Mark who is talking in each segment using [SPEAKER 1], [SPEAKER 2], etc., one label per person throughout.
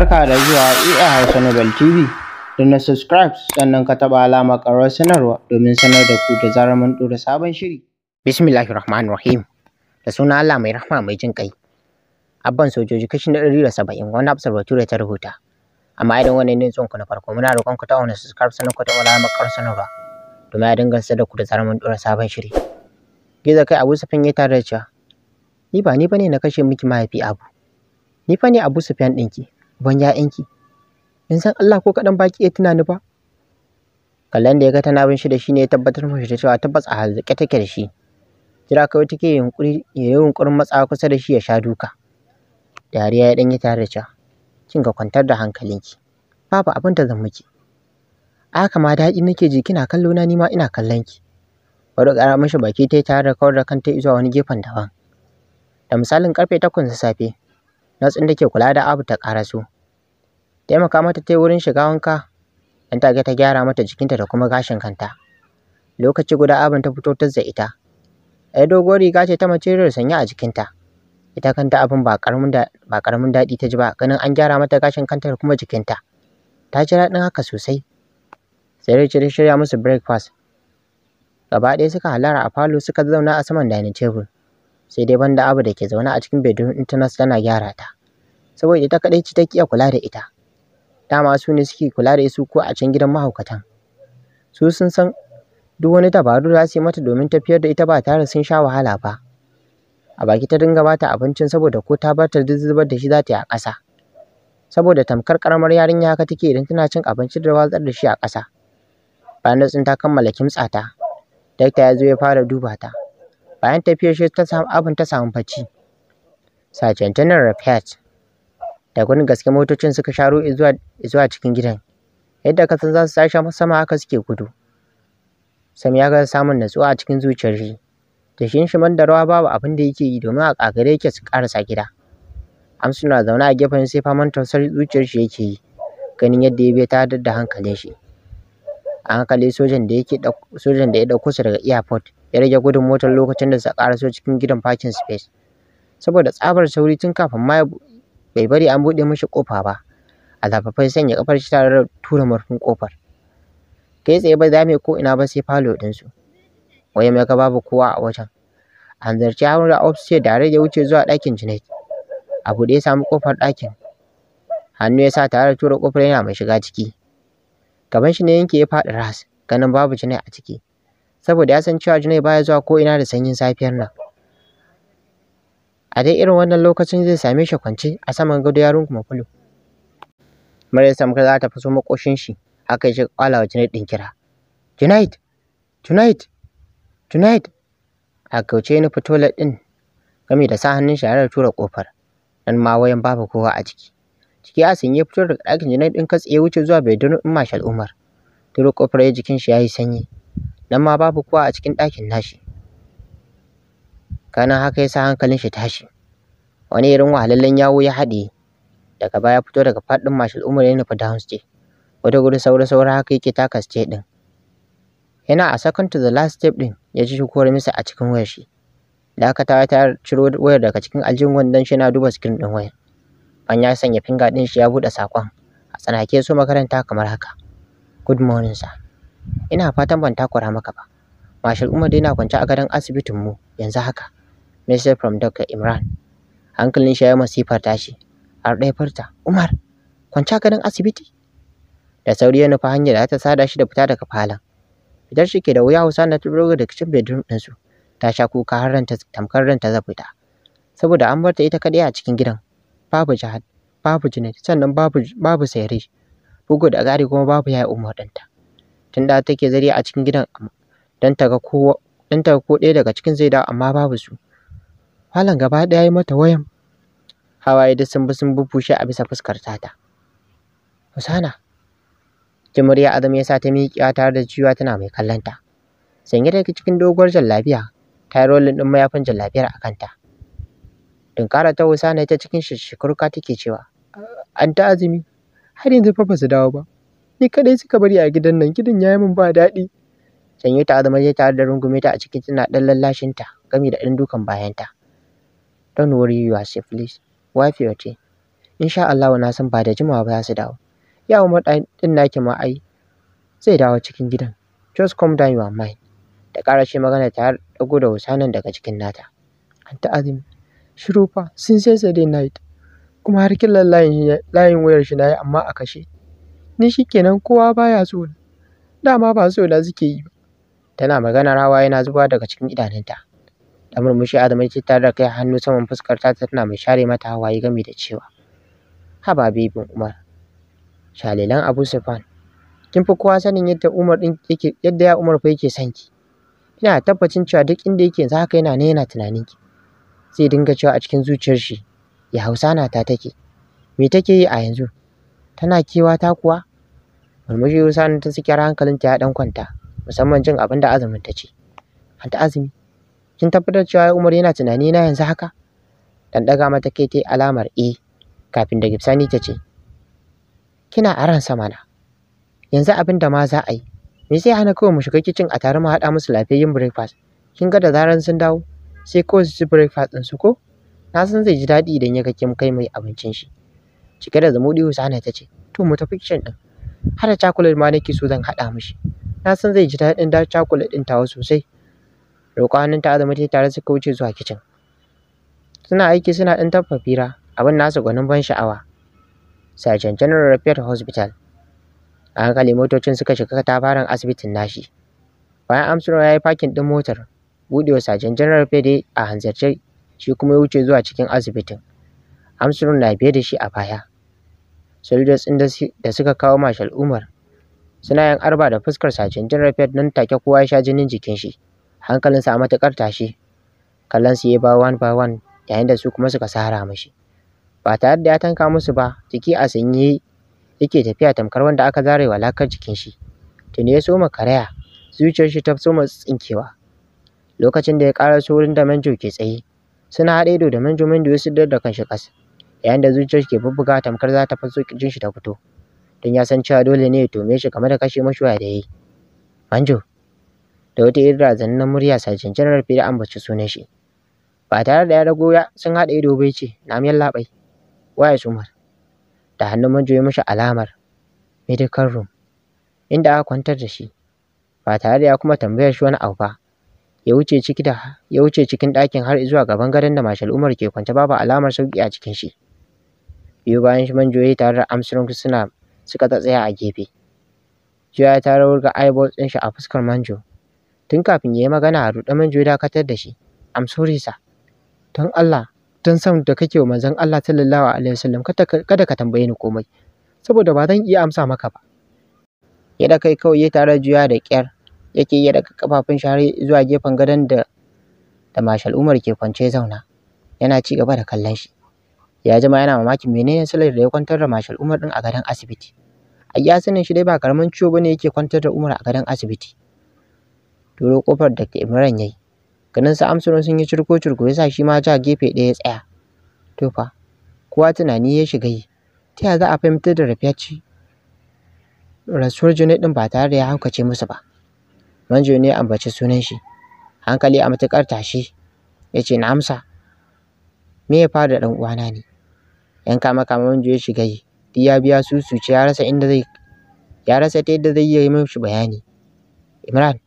[SPEAKER 1] Barka da zuwa EA Hausa Nobel TV. Da na subscribe sannan ka taɓa alama ƙarar sanarwa domin sanar da ku da zarar mun ɗora sabon shiri. Bismillahir Rahmanir Rahim. Da suna Allah mai rahma mai jin kai Abban sojoji kashi na ɗari da saba'in wani observatory ta rubuta. Amma idan wani ne ku na farko muna roƙon ku ta wani subscribe sannan ku taɓa alama karo sanarwa domin a dinga sanar da ku da zarar mun ɗora sabon shiri. Gizo kai Abu Sufyan ya tare da cewa ni ba ni bane na kashe miki mahaifi Abu. Ni fa ne Abu Sufyan ɗinki. uban ‘ya'yanki, in san Allah ko kaɗan baki iya tunani ba. Kallon da ya ga tana bin shi da shi ne ya tabbatar mashi da cewa tabbas a halzaƙe take da shi. Jira kawai take yunkuri ya yi yunƙurin matsawa kusa da shi ya sha duka. Dariya ya ɗanyi tare da cewa, kin ga kwantar da hankalinki, babu abin da zan miki. A haka ma daɗi nake ji kina kallo na nima ina kallon ki. Wani ƙara mashi baki ta yi tare da kawar da kanta zuwa wani gefen daban. Da misalin karfe takwas na safe, Nas da ke kula da Abu ta ƙaraso. Taimaka mata ta yi wurin shiga wanka, ɗan take ta gyara mata jikinta da kuma gashin kanta. Lokaci guda Abin ta fito ta ita. Ai doguwar riga ce ta material sanya a jikinta. Ita kanta abin ba ƙaramin daɗi ta ji ba ganin an gyara mata gashin kanta da kuma jikinta. Ta ji daɗin haka sosai. Sai ta shirya musu breakfast. Gaba ɗaya suka halara a falo suka zauna a saman dining table. sai dai banda abu da ke zaune a cikin bedroom ta tanas tana gyara ta saboda ita kaɗai ce take iya kula da ita dama su ne suke kula da su ko a can gidan mahaukatan su sun san duk wani dabaru za su yi mata domin tafiyar da ita ba tare sun sha wahala ba a baki ta dinga bata abincin saboda ko ta bar ta zubar da shi za ta yi a ƙasa saboda tamkar karamar yarinya haka take idan tana cin abinci da watsar da shi a ƙasa bayan ta kammala kimtsa ta dakta ya zo ya fara duba ta bayan tafiyar shi ta samu abin ta samu bacci sergeant general Pat da gudun gaske motocin suka sharo zuwa zuwa cikin gidan yadda ka san za su tashi sama haka suke gudu sam ya ga samun natsuwa a cikin zuciyar shi jikin shi man da rawa babu abin da yake yi domin a kakare yake su karasa gida amsu na zaune a gefen sai faman tausar zuciyar shi yake yi ganin yadda ya bai ta da hankalin shi a hankali sojan da yake sojan da ya dauko su daga airport ya rage gudun motar lokacin da suka ƙaraso cikin gidan parking space saboda tsabar sauri tun kafin ma bai bari an buɗe mishi kofa ba a zafafai sanya kafar shi tare da tura murfin kofar kai tsaye ba zame ko ina ba sai falo ɗinsu wajen mai ka babu kowa a wajen an zarci da ofisiyar da ya wuce zuwa ɗakin Junaid. A buɗe ya samu ƙofar ɗakin. Hannu ya sa tare da tura ƙofar yana mai shiga ciki. gaban shi ne yanke ya faɗi ras ganin babu jinai a ciki saboda ya san cewa jinai baya zuwa ko ina da sanyin safiyar nan a dai irin wannan lokacin zai same shi kwance a saman gado ya runguma fulu Maryam Samka za ta faso makoshin shi haka shi kwalawa jinai din kira tonight tonight tonight a kauce ni fitolar din gami da sa hannun shi tura kofar dan ma wayan babu kowa a ciki Ciki ya sanye fito daga ɗakin Junaid ɗin katse ya wuce zuwa bai bedroom in Mashal Umar. Duro kofar ya jikin shi ya yi sanyi. Nan ma babu kowa a cikin ɗakin nashi. Kana haka ya sa hankalin shi tashi. Wani irin wahalallen yawo ya haɗe. Daga baya fito daga faɗin Mashal Umar ya nufi downstairs. Wata guri saura saura haka yake taka ste ɗin. Yana a second to the last step ɗin ya ji shukuwar misa a cikin wayar shi. Dakatawa ta ciro wayar daga cikin aljihun wandon shi yana duba screen ɗin wayar. an ya sanya finger ɗin shi ya buɗe sakon A tsanake su makaranta kamar haka. Good morning sir. Ina fatan ban takura maka ba. Mashal Umar dai na kwance a gadon asibitin mu yanzu haka. Message from Dr. Imran. Hankalin shi ya masifar tashi. Har dai furta. Umar, kwance a gadon asibiti? Da sauri ya nufa hanyar da ta sada shi da fita daga falon. Fitar shi ke da wuya Hausa na turo daga kicin bedroom ɗinsu. Ta sha kuka har ranta tamkar ranta zai fita. Saboda an bar ta ita kaɗai a cikin gidan babu Jihad, babu Junaid, sannan babu babu Sairi. Bugu da ƙari kuma babu yaya Umar tun da take zari a cikin gidan dan ta ga kowa don ta ga ko ɗaya daga cikin zai dawo amma babu su. Falon gaba ɗaya ya mata wayan. Hawaye duk sun bi sun bubbushe a bisa fuskar tata. Husana, Jamhuriya Adam ya sa ta miƙewa tare da ciwa tana mai kallon ta Sanye da cikin doguwar jallabiya, ta yi rolin ɗin mayafin jallabiyar a kanta. Tunkara ta Husana ta cikin shishikurka take cewa, an ta azumi, har yanzu fa ba dawo ba. Ni kaɗai suka bari a gidan nan, gidan ya yi min ba daɗi. Sanyo ta azumi ya tare da rungume ta a ciki tana ɗan ta gami da ɗan dukan bayanta. Don't worry yourself please, wife your team. Insha Allah na san ba da jimawa ba za su dawo. Ya umar ɗin naki ma ai zai dawo cikin gidan. Just calm down your mind. Da ƙarashe magana ta ɗago da nan daga cikin nata. Anta azumi. shirufa sun sai Saturday night kuma har killar layin, wayar shi na yi amma a kashe. Ni shi kenan kowa baya so Dama ba so na suke yi ba. Tana maganar hawa yana zuba daga cikin idanunta. Da murmushi adamai ce tare da kai hannu saman fuskar ta tana mai share mata hawa hawaye gami da cewa. Haba bibin Umar. Shalilan Abu Sufan. Kin fi kowa sanin yadda ya Umar fa yake sanki ki. Ina tabbacin cewa duk inda yake za haka yana ne yana tunanin ki. zai dinga cewa a cikin zuciyar shi ya hausa na ta take me take yi a yanzu tana kewa ta kuwa murmushi Husanu ta saki ta ya dan kwanta musamman jin abin da azumin ta ce hanta azumi kin tabbatar cewa ya Umar yana tunani na yanzu haka dan daga mata kai tai alamar eh kafin da Gibsani ta ce kina aran sama na yanzu abin da ma za a yi me sai hana kawai mu shiga kicin a tare mu haɗa musu lafiyayyen breakfast kin ga da zaran sun dawo sai kawai su ci breakfast ɗinsu ko na san zai ji daɗi idan ya ga kin kai mai abincin shi cike da zamuɗi Husana ta ce to mu tafi kitchen ɗin hada chocolate ma nake so zan haɗa mishi na san zai ji daɗin da chocolate ɗin tawa sosai roƙo ta azumi tare suka wuce zuwa kitchen suna aiki suna ɗan tafa fira abin nasu gwanin ban sha'awa Sergeant General Repair Hospital a hankali motocin suka shiga katafaren asibitin nashi bayan Armstrong ya yi fakin ɗin motar buɗewa sajan janar fede a hanzarce shi kuma ya wuce zuwa cikin asibitin Armstrong na biye da shi a baya soldiers ɗin da suka kawo Marshal Umar suna yin arba da fuskar sajan janar fede nan take kowa ya sha jinin jikin shi hankalinsa a matuƙar tashi kallon su ya ba one ba one yayin da su kuma suka sara mashi ba tare da ya tanka musu ba jiki a sanye yake tafiya tamkar wanda aka zarewa lakar jikin shi tuni ya soma karaya zuciyar shi ta soma tsinkewa lokacin da ya ƙaraso wurin da manjo ke tsaye suna haɗe ido da manjo manjo ya sidar da kanshi ƙasa yayin da zuciyar ke bubbuga tamkar za ta faso kirjin shi ta fito don ya san cewa dole ne ya tome shi kamar da kashe mashuwa da yayi manjo da wata irin razanin murya sajin janar fiye da ambaci sunan shi ba tare da ya rago ya sun haɗa ido bai ce na miyar labai waye sumar da hannun manjo ya mashi alamar medical room inda aka kwantar da shi ba tare da ya kuma tambayar shi wani abu ba ya wuce ciki da ya wuce cikin ɗakin har zuwa gaban gadon da Marshal Umar ke kwance babu alamar sauki a cikin shi. Biyu bayan shi manjoyi tare da Armstrong suna suka tsaya a gefe. Juya ta rawar ga eyeballs ɗin shi a fuskar manjo. Tun kafin ya yi magana a ruɗe manjo ya dakatar da shi. I'm sorry sir. Don Allah, don san da kake wa manzon Allah sallallahu alaihi wasallam kada ka tambaye ni komai. Saboda ba zan iya amsa maka ba. Ya da kai kawai ya tare juya da ƙyar yake iya daga kafafun shi zuwa gefen gadon da da Marshal Umar ke kwance zauna yana ci gaba da kallon shi ya jima yana mamakin menene silar da ya kwantar da Marshal Umar din a gadon asibiti a kiyasin shi dai ba karamin ciwo bane yake kwantar da Umar a gadon asibiti turo kofar da Imran yayi ganin sa Amsuron sun yi cirko cirko yasa shi ma ja gefe ɗaya ya tsaya to fa kowa tunani ya shiga yi ta ya za a fahimtar da rafiya rasuwar Junaid din ba tare da ya haukace musu ba Manjo ne ambaci sunan shi. Hankali a matuƙar tashi ya ce na amsa. Me ya faru da ɗan uwana ne? ‘Yan kama kama Manjo ya shiga yi. Duk ya biya ce ya rasa inda zai ya rasa ta yadda zai yi mashi bayani. Imran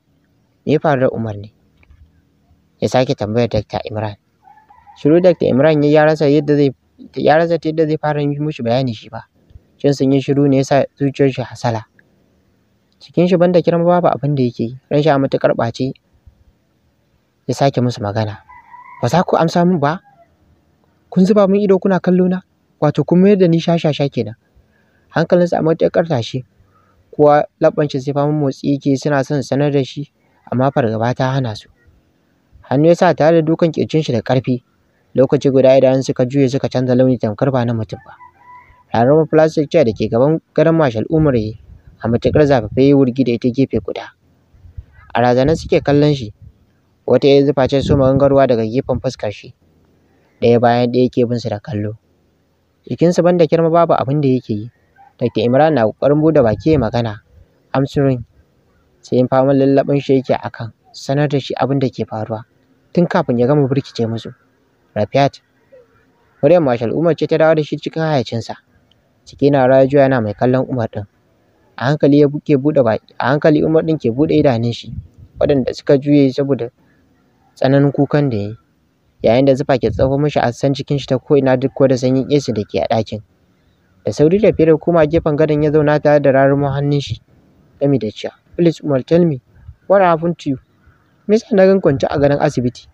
[SPEAKER 1] me ya faru da Umar ne? Ya sake tambayar Dakta Imran. Shiru Dakta Imran ya rasa yadda zai ya rasa ta yadda zai fara mishi bayani shi ba. Jin sun yi shiru ne ya sa zuciyar shi hasala. cikin shi banda kiran babu abin da yake yi ran shi a matuƙar ya sake musu magana ba za ku amsa min ba kun zuba min ido kuna kallo na wato kun mayar da ni shashasha kenan hankalinsa a matuƙar tashi kuwa labban shi sai faman motsi yake suna son sanar da shi amma fargaba ta hana su hannu ya sa tare da dukan kirjin shi da karfi lokaci guda idan suka juye suka canza launi tamkar ba na mutum ba ranar plastic chair da ke gaban garin mashal umar a matuƙar zafafe ya wurgi da ita gefe guda a razana suke kallon shi wata ya zufa ce su magangarwa daga gefen fuskar shi ɗaya bayan ɗaya yake bin su da kallo ban banda kirma babu abin da yake yi Dr. Imran na ƙoƙarin buɗe baki ya magana Amsurin sai in faman lallaɓin shi yake akan sanar da shi abin da ke faruwa tun kafin ya gama birkice musu Rafiat Maryam Marshal Umar ce ta dawo da shi cikin hayacinsa ciki na juya yana mai kallon Umar ɗin a hankali ya ke buɗe baki a hankali Umar ɗin ke buɗe idanun shi waɗanda suka juye saboda tsananin kukan da ya yi yayin da zufa ke tsafo mishi a san cikin shi ta ko'ina duk da sanyin AC da ke a ɗakin da sauri da fere kuma gefen gadon ya zauna tare da rarumo hannun shi gami da cewa please Umar tell me what happened to you me yasa na gan a gadon asibiti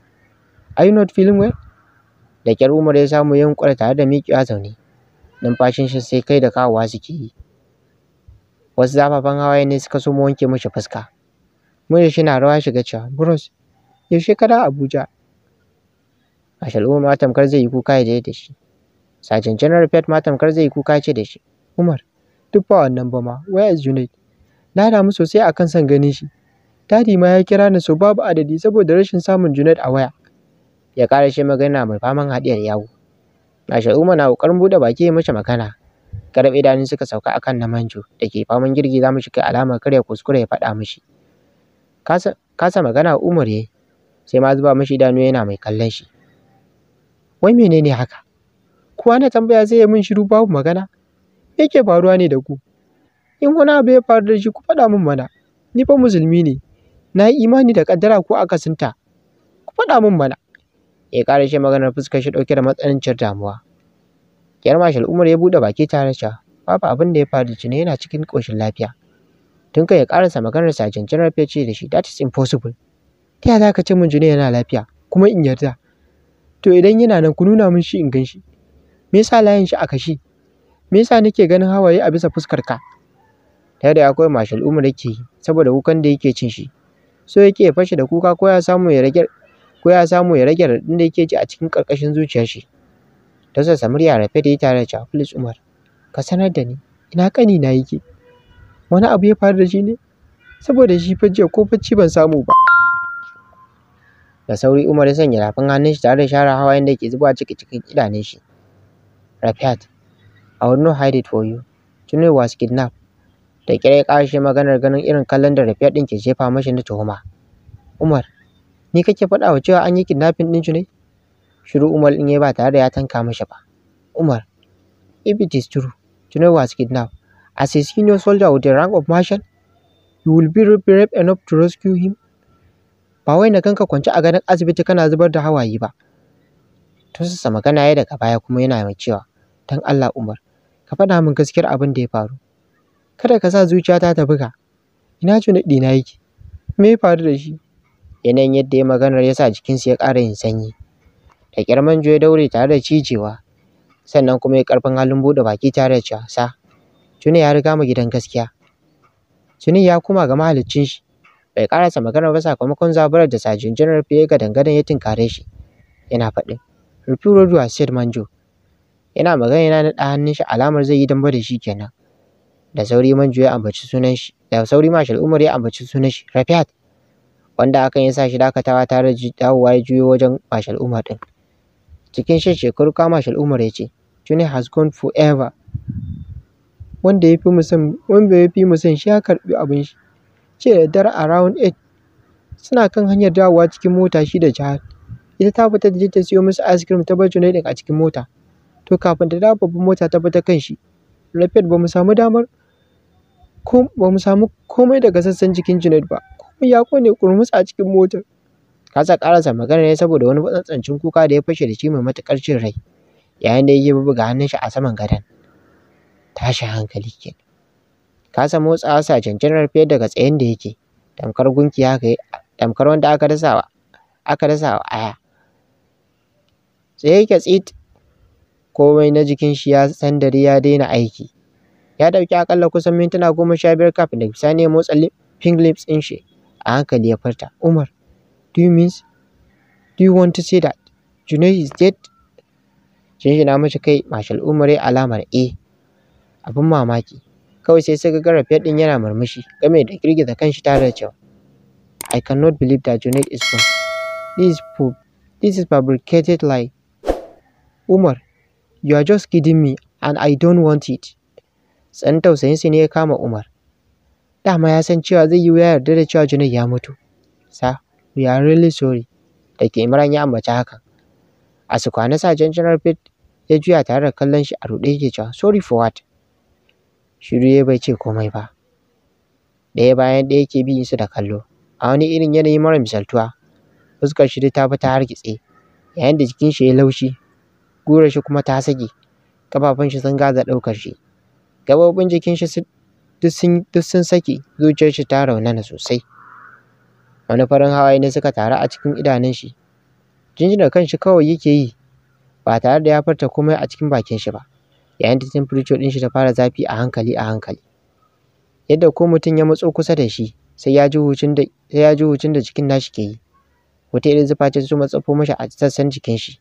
[SPEAKER 1] are you not feeling well da kyar Umar ya samu yankura tare da miƙewa zaune numfashin shi sai kai da kawowa suke yi wasu zafafan hawaye ne suka so wanke mishi fuska murya shi na rawa shiga cewa bros yaushe ka dawo abuja a shalom ma tamkar zai yi kuka ya da shi sajin general pet ma tamkar zai yi kuka ce da shi umar duk ba wannan ba ma waya is junaid na damu sosai akan son ganin shi dadi ma ya kira ni so babu adadi saboda rashin samun junaid a waya ya kara shi magana mai faman haɗiyar yawo a shalom na ƙoƙarin buɗe baki ya mace magana Garab idanu suka sauka akan na manjo da ke faman za mu kai alamar karya kuskure ya faɗa mishi. Kasa magana Umar ya sai ma zuba mishi idanu yana mai kallon shi. Wai menene haka? Kuwa na tambaya zai yi min shiru babu magana? Me yake faruwa ne da ku? In wani abu ya faru da shi ku faɗa min mana. Ni fa musulmi ne. Na yi imani da ƙaddara ko akasinta. Ku faɗa min mana. Ya ƙara shi maganar fuskar shi ɗauke da matsanancin damuwa. Yar Mashal Umar ya buɗe baki tare da babu abin da ya faru Jina yana cikin ƙoshin lafiya. Tun kai ya ƙarasa maganar Sajan Janar ya ce da shi that is impossible. Ta yaya za ka ce min Jina yana lafiya kuma in yarda? To idan yana nan ku nuna min shi in gan shi. Me yasa layin shi a kashi? Me yasa nake ganin hawaye a bisa fuskar ka? Ta yadda akwai Mashal Umar yake yi saboda kukan da yake cin shi. So yake ya fashe da kuka ko ya samu ya rage ko ya ya rage raɗin da yake ji a cikin ƙarƙashin zuciyar shi. ta zazza murya rafe da tare da cewa Umar ka sanar da ni ina kani na yake wani abu ya faru da shi ne saboda shi fa jiya ko bacci ban samu ba da sauri Umar ya sanya rafin hannun shi tare da share hawa da ke zuba ciki cikin idanun shi Rafiat I will not hide it for you Tunai was kidnapped da kira ya kashe maganar ganin irin kallon da Rafiat din ke jefa mashi na tuhuma Umar ni kake faɗa cewa an yi kidnapping din ne Shiru Umar ɗin ya ba tare da ya tanka mashi ba. Umar, if it is true, To Tunai was kidnapped. As a senior soldier with the rank of marshal, you will be brave enough to rescue him. Ba wai na kanka kwance a ganin asibiti kana zubar da hawaye ba. Tursasa magana ya daga baya kuma yana mai cewa, dan Allah Umar, ka faɗa min gaskiyar abin da ya faru. Kada ka sa zuciyata ta buga. Ina tuni ɗina yake? Me ya faru da shi? Yanayin yadda ya maganar ya sa jikinsa ya ƙara yin sanyi. da ƙyar manjo ya daure tare da cijewa sannan kuma ya ƙarfin halin buɗe baki tare da cewa sa tuni ya riga mu gidan gaskiya tuni ya kuma ga mahaliccin shi bai karasa magana ba sakamakon zaburar da sajin janar fiye ga dangane ya tinkare shi yana faɗi rufi roduwa said manjo yana magana yana naɗa hannun shi alamar zai yi damba da shi kenan da sauri manjo ya ambaci sunan shi da sauri mashal umar ya ambaci sunan shi rafiat wanda hakan ya sa shi dakatawa tare da dawowa ya juyo wajen mashal umar ɗin Cikin shan shekaru Kamarshal Umar ya ce, Juni has gone forever. Wanda ya fi mu son shi ya karɓi abin shi." Jiya da daddare a Round 8, suna kan hanyar dawowa cikin mota shi da jihar. Ita ta fita da je ta siyo musu ice cream ta bar Johnny a cikin mota. To kafin ta dawo babban mota ta bi ta kan shi. Rafet ba mu samu damar ba mu samu komai daga sassan jikin Junaid ba. Komai ya ƙone ƙurmus a cikin motar. kasa karasa magana ne saboda wani matsatsancin kuka da ya fashe da shi mai matukar cin rai yayin da yake bubbuga hannun shi a saman gadon tashi hankali ke kasa motsawa sa janar fiye daga tsayin da yake tamkar gunki haka tamkar wanda aka dasa aka dasa wa aya tsaye yake tsit komai na jikin shi ya san sandare ya daina aiki ya ɗauki akalla kusan mintuna goma sha biyar kafin da bisani ya motsa pink lips din shi a hankali ya furta umar Do you mean Do you want to say that? Junaid is dead? Junaid dead? mace kai Marshal Umar alamar A. Eh. Abin mamaki. Kawai sai suka ga Rafiat ɗin yana murmushi game da girgiza kanshi tare da cewa I cannot believe that Junaid is gone. This is, poop. this is fabricated lie. Umar, you are just kidding me and I don't want it. Tsan tausayinsu ne ya kama Umar. Dama ya san cewa zai yi yarda da cewa Junaid ya mutu. Sa, we are really sorry da ke Imran ya ambaci hakan. A sukwane Sajan General Pete ya juya tare da kallon shi a ruɗe yake cewa sorry for what? Shiru ya bai ce komai ba. Ɗaya bayan ɗaya yake bi su da kallo. A wani irin yanayi mara misaltuwa, fuskar shi ta fi ta hargitse, yayin da jikin shi ya laushi, gurar shi kuma ta sage, kafafun shi sun gaza ɗaukar shi. Gaɓoɓin jikin shi duk sun saki, zuciyar shi ta raunana sosai. wani farin hawaye ne suka taru a cikin idanun shi jinjinar kanshi kawai yake yi ba tare da ya furta komai a cikin bakin shi ba yayin da temperature ɗin shi ta fara zafi a hankali a hankali yadda ko mutum ya matso kusa da shi sai ya ji hucin da sai ya ji hucin da jikin nashi ke yi wata irin zufa ce su matsafo mashi a sassan jikin shi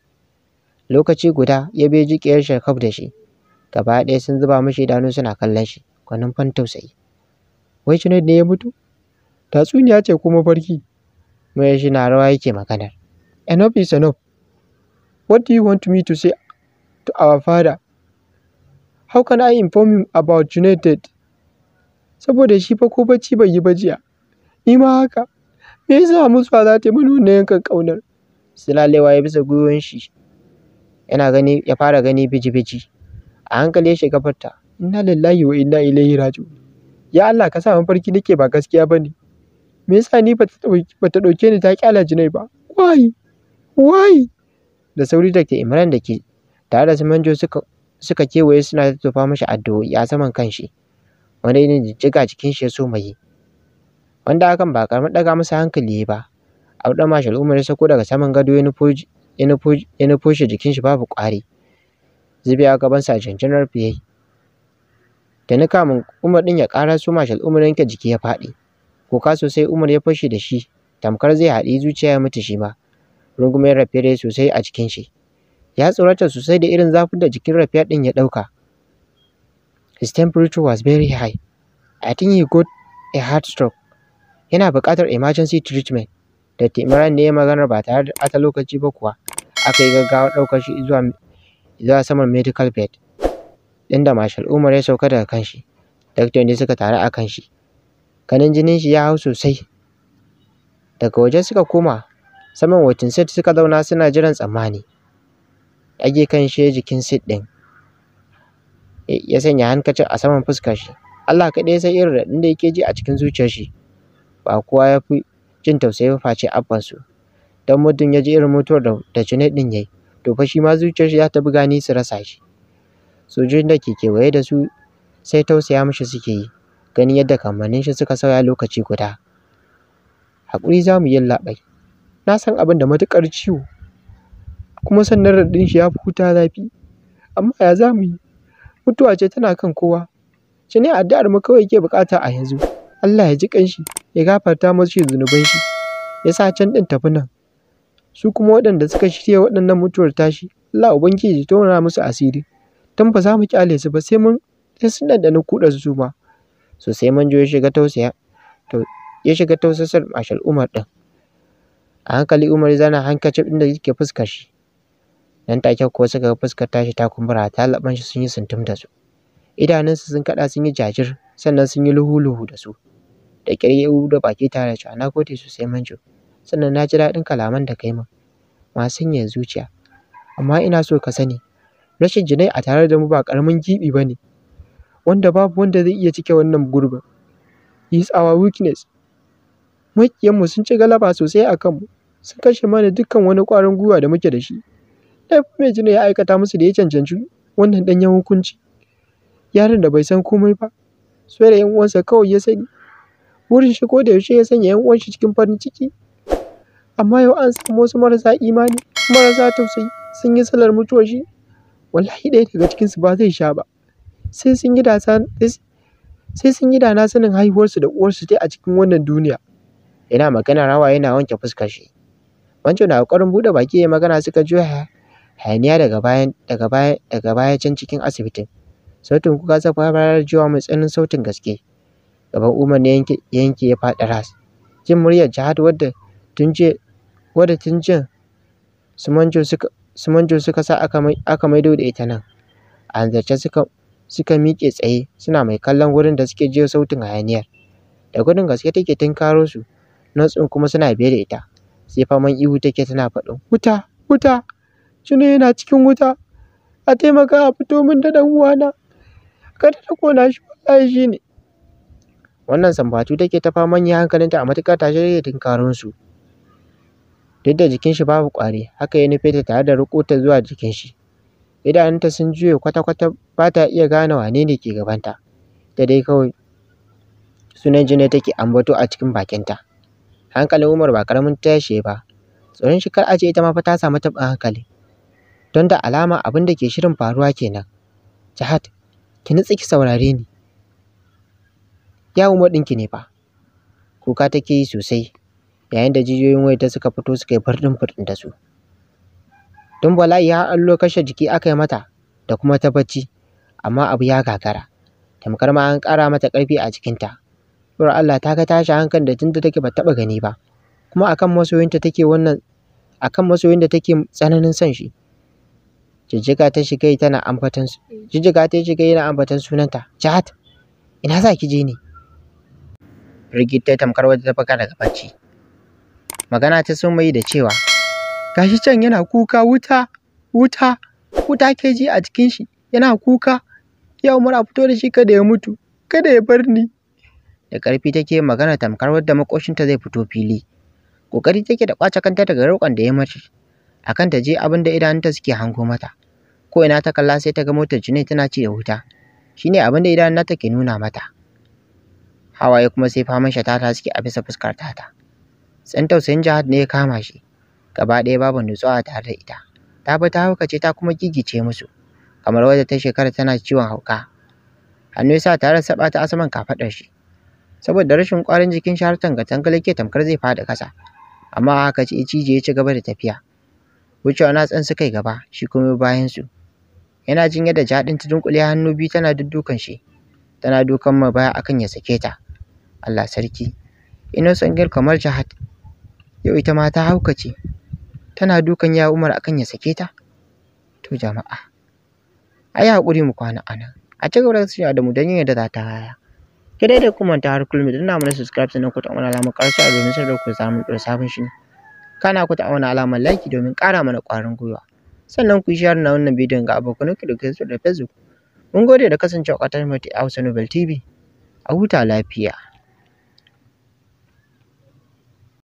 [SPEAKER 1] lokaci guda ya bai jikiyar shi kaf da shi gaba ɗaya sun zuba mashi idanu suna kallon shi gwanin fan tausayi wai shi ne ya mutu Tatsuniya ce ko mafarki? Muryar shi na rawa yake maganar. Enough is enough. What do you want me to say to our father? How can I inform him about United? Saboda shi fa ko bacci bai yi ba jiya. Ni ma haka. Me yasa mutuwa za ta yi wannan yankan ƙaunar? Silalewa ya bisa gwiwon shi. Yana gani ya fara gani biji-biji. A hankali ya shiga farta. Inna lillahi wa inna ilaihi raji'un. Ya Allah ka sa mafarki nake ba gaskiya bane. Me yasa ni bata ta ɗauke ni ta ƙyale jinai ba? Why? Why? Da sauri Dr. Imran da ke tare da Simanjo suka suka kewaye suna tattofa mashi addu'o'i a saman kanshi. Wani irin jijjiga cikin shi ya so mai. Wanda hakan ba karamar ɗaga masa hankali ba. Abdul Mashal Umar ya sako daga saman gado ya nufo ya nufo shi jikin shi babu ƙwari. gaban gabansa a cancanar fiye. Da ni kamun Umar din ya ƙara su Mashal Umar yanke jiki ya faɗi. Kuka sosai Umar ya fashe da shi, tamkar zai haɗi zuciya ya mutu shi ma. Rungumar Rafiya sosai a cikin shi. Ya tsorata sosai da irin zafin da jikin Rafiya ɗin ya ɗauka. His temperature was very high. I think he got a heart stroke. Yana buƙatar emergency treatment. da Imran ne ya maganar ba tare da ɓata lokaci ba kuwa. Aka yi gaggawa ɗaukar shi zuwa zuwa saman medical bed. Inda Marshal Umar ya sauka daga kan shi. Daktoci suka taru a kan shi. Kanin jinin shi ya hau sosai daga waje suka koma saman wacin sit suka zauna suna jiran tsammani ɗage kan shi jikin sit ɗin ya sanya hankacin a saman fuskar shi Allah kaɗai ya san irin raɗin da yake ji a cikin zuciyar shi ba kowa ya fi jin tausayin face abbansu don muddin ya ji irin mutuwar da jini ɗin yayi to fa shi ma zuciyar shi ya ta buga ni su rasa shi sojojin da ke kewaye da su sai tausaya mishi suke yi ganin yadda kamannin shi suka sauya lokaci guda haƙuri za mu yi labai na san abin da matuƙar ciwo kuma sannan raɗin shi ya fi huta zafi amma ya za mu yi mutuwa ce tana kan kowa shi ne addu'ar mu kawai ke buƙata a yanzu Allah ya ji ƙanshi ya gafarta masu zunuban shi ya sa can ɗin tafi nan su kuma waɗanda suka shirya waɗannan mutuwar tashi Allah ubangiji ya tona musu asiri tun ba za mu kyale su ba sai mun sai sun ɗanɗana kuɗar su ma so sai manjo ya shiga tausaya to ya shiga tausasar mashal umar din a hankali umar zana hankacin inda yake fuskar shi nan take ko suka ga fuskar tashi ta kumbura ta laban shi sun yi suntum da su idanunsu sun kada sun yi jajir sannan sun yi luhuluhu da su da ƙyar da baki tare da na gode sosai manjo sannan na ji daɗin kalaman da kai ma masu sanya zuciya amma ina so ka sani rashin jinai a tare da mu ba ƙaramin giɓi ba ne wanda babu wanda zai iya cike wannan gurbin. He is our weakness. Maƙiyanmu sun ci galaba sosai a kanmu. Sun kashe mana dukkan wani ƙwarin gwiwa da muke da shi. Laifin me jina ya aikata musu da ya cancanci wannan 'yan hukunci? Yaron da bai san komai ba, sai da 'yan uwansa kawai ya sani. Wurin shi ko da yaushe ya sanya 'yan uwanshi cikin farin ciki. Amma yau an samu wasu marasa imani, marasa tausayi sun yi salar mutuwar shi. Wallahi ɗaya daga cikinsu ba zai sha ba. sai sun yi da na sanin haihuwarsu da uwarsu dai a cikin wannan duniya. Yana magana rawa yana wanke fuskar shi. wancan na ƙoƙarin buɗe baki ya magana suka juya hayaniya daga bayan daga baya daga baya can cikin asibitin. Sautin kuka ta fara jiwa mai tsananin sautin gaske. Gaban Umar ne yanke yanke ya faɗi ras. Jin muryar Jihad wadda tun jiya wadda tun jiya su Manjo suka su Manjo suka sa aka mai aka maido da ita nan. A hanzarce suka suka miƙe tsaye suna mai kallon wurin da suke jiyo sautin hayaniyar da gudun gaske take tunkaro su nutsin kuma suna biye da ita sai faman ihu take tana faɗin wuta wuta jini yana cikin wuta a taimaka a fito min da ɗan uwana kada ta kona shi wallahi shi ne wannan sambatu take ta faman yi hankalinta a matuƙar tashe take tunkaron su duk da jikin shi babu ƙwari haka ya nufe ta tare da riƙo ta zuwa jikin shi idanunta sun juye kwata-kwata ba ta iya gane wane ne ke gabanta ta dai kawai sunan jini take ambato a cikin bakinta hankalin umar ba karamin tashi ba tsoron shi kar a ce ita ma fa ta samu taɓin hankali don da alama abin da ke shirin faruwa kenan jihad ki nutsi ki saurare ni ya umar ɗinki ne fa kuka take yi sosai yayin da jijiyoyin wayata suka fito suka yi furdin furdin da su don bala'i har allo kashe jiki aka yi mata da kuma ta bacci amma abu ya gagara tamkar ma an ƙara mata ƙarfi a jikinta Dora Allah ta ga tashi hankali da tunda take ba taɓa gani ba kuma akan masoyinta take wannan akan masoyin da take tsananin son shi jijjiga ta shiga tana ambaton jijjiga ta shiga yana ambatan sunanta jahat ina za ki je ne rigita tamkar wata ta faka daga bacci magana ta sun mai da cewa gashi can yana kuka wuta wuta wuta ke ji a cikin shi yana kuka ya umar a fito da shi kada ya mutu kada ya bar ni da ƙarfi take magana tamkar wadda makoshinta zai fito fili ƙoƙari take da ƙwace kanta daga roƙon da ya mace akan ta je abin da idanunta suke hango mata ko ina ta kalla sai ta ga motar Junaid tana ci da wuta shine abin da idanun nata ke nuna mata hawaye kuma sai faman shatata suke a bisa fuskar tata Tsintau tausayin jihar ne ya kama shi gaba ɗaya babu nutsuwa tare da ita ta bi ta haukace ta kuma gigice musu kamar wadda ta shekara tana ciwon hauka hannu ya sa tare saba ta asaman kafaɗar shi saboda rashin ƙwarin jikin shi har tangatangal yake tamkar zai fada ƙasa amma haka ce cije ya ci gaba da tafiya wucewa na tsan suka yi gaba shi kuma bayan su yana jin yadda jaɗin ta dunkule hannu biyu tana duddukan shi tana dukan mai baya akan ya sake ta Allah sarki ina son kamar jihad yau ita ma ta haukace tana dukan ya Umar akan ya sake ta to jama'a a yi hakuri, mu kwana a a ci gaba da su da mu don yin yadda za ta haya ki dai da kuma ta har kullum idan na mana subscribe sannan ku ta mana alamar ƙarshe a domin sanar ku samu sabon shi kana ku ta mana alamar like domin ƙara mana ƙwarin gwiwa sannan ku share na wannan bidiyon ga abokan ku da da Facebook mun gode da kasancewa ƙatar mu ta Hausa Nobel TV a huta lafiya